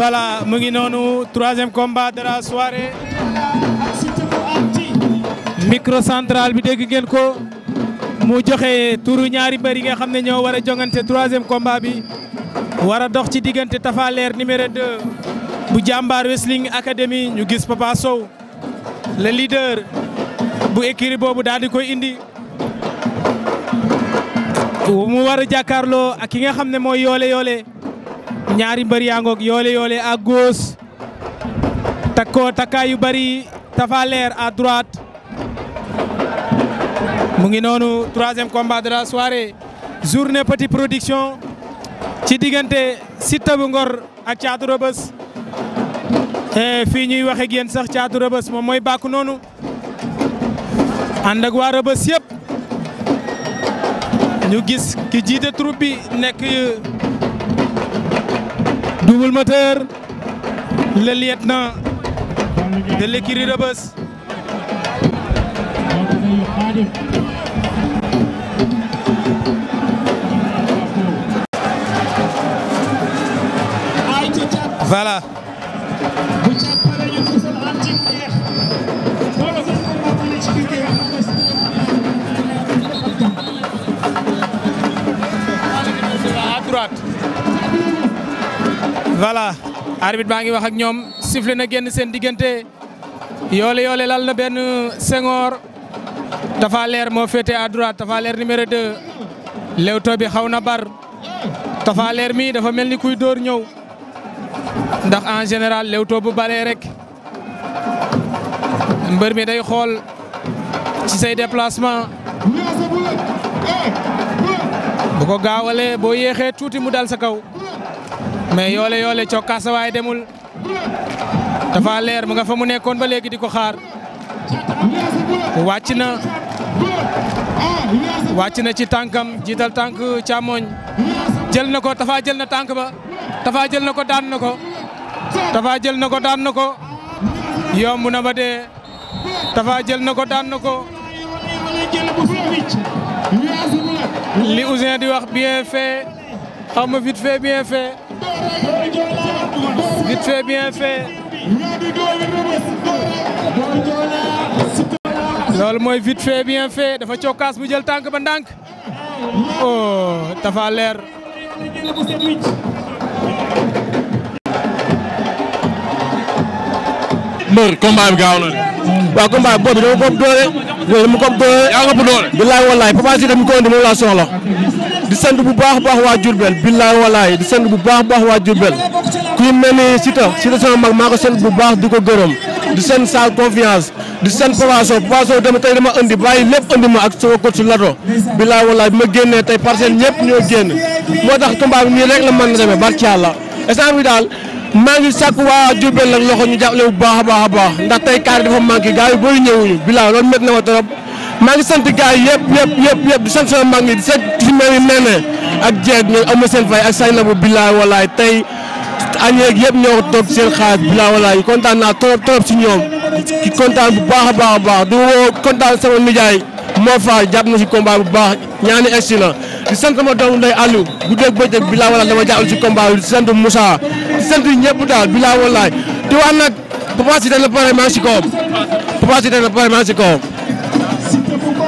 voilà mu ngi noonu troisième combat de soirée micro central bi dégg ngeen ko mu joxe turu ñaari mbër yi nga xam ne ñoo war a jongante troisième komba bi war a dox ci diggante Tapha Leer numéro 2 bu Jàmbaar Wrestling Academy ñu gis Papa Sow le leader bu écurie boobu daal di koy indi mu war a jàkkaarloo ak ki nga xam ne mooy yoole yoole ñaari mbër yaa ngoog yoole yoole à gauche yu bari Tapha Leer à droite mu ngi noonu troisième combat de soirée journée petit production ci diggante Siteu bu Ngor ak Caatu Rëbës e, fii ñuy waxe ak sax Caatu Rëbës moom mooy bàkku noonu ànd ak waa Rëbës yëpp ñu gis ki jiite troupe nekk. Double Moteur le lieutenant de l'écurie Rebeuss voilà à droite voilà arbitre maa ngi wax ak ñoom sifflé na génn seen diggante yoole yoole lal na benn Senghor dafa Leer moo féete à droite Tapha Leer numéro 2 lewto bi xaw na bar Tapha Leer mi dafa mel ni kuy dóor ñëw ndax en général lewto bu baree rek mbër mi day xool ci say déplacement bu ko gaawalee boo yéexee tuuti mu dal sa kaw mais yoole yoole cokkaas waaye demul dafa leer mu nga fa mu nekkoon ba léegi di ko xaar wàcc na wàcc na ci tànkam jiital tànk càmmoñ jël na ko Tapha jël na tànk ba Tapha jël na ko daan na ko Tapha jël na ko daan na ko yomb na ba dee Tapha jël na ko daan na ko li Ouzin di wax bien fait xaw ma vite fait bien Vite fait, bien fait. mooy vite fait bien fait dafa cokkaas mu jël tànk ba ndànk. oh dafa leer. mbër bi gaaw na. waaw combat bi boobu dama boobu doole. wéy mu billaay walaay Papa Cissé mi ko indi moom laa soxla. di sant bu baax a baax waa Diourbel billaay walaay di sant bu baax a baax waa Diourbel. ku mel ni Siteu Siteu sama mag maa ko sant bu baax di ko gërëm. di sant sa confiance. di sant Papa Sow Papa Sow dama tey dama indi bàyyi lépp indi ma ak sama coach Lato. billaay walaay bi ma génnee tey parcelle ñëpp ñoo génn. moo tax combat bi nii rek la mën na demee barki yàlla instant bi daal. maa ngi sàkku waa Diourbel nag loxo ñu jàppale bu baax a baax a baax ndax tey kaar dafa manqué gars yu bëri ñëwuñu bilaay loolu métti na ma trop maa ngi sant gars yi yëpp yëpp yëpp yëpp di sant sama mag yi di sant ci mel ni nee ak jeeg ñoom am na seen fay ak say na bu bilaay walaay tey añeeg yëpp ñoo ko toog seen xaalis bilaay walaay kontaan naa trop trop si ñoom ki kontaan bu baax a baax a baax di woo kontaan sama nijaay moo fa jàpp na si combat bu baax ñaani egsi di sant ma doomu ndey Aliou guddeeg bëccëg bi laa walaay dama jaaxal si combat bi di sant Moussa di sant ñëpp daal bi laa walaay di wax nag Papa Cissé la pare maa ngi si kawam Papa Cissé la pare si kawam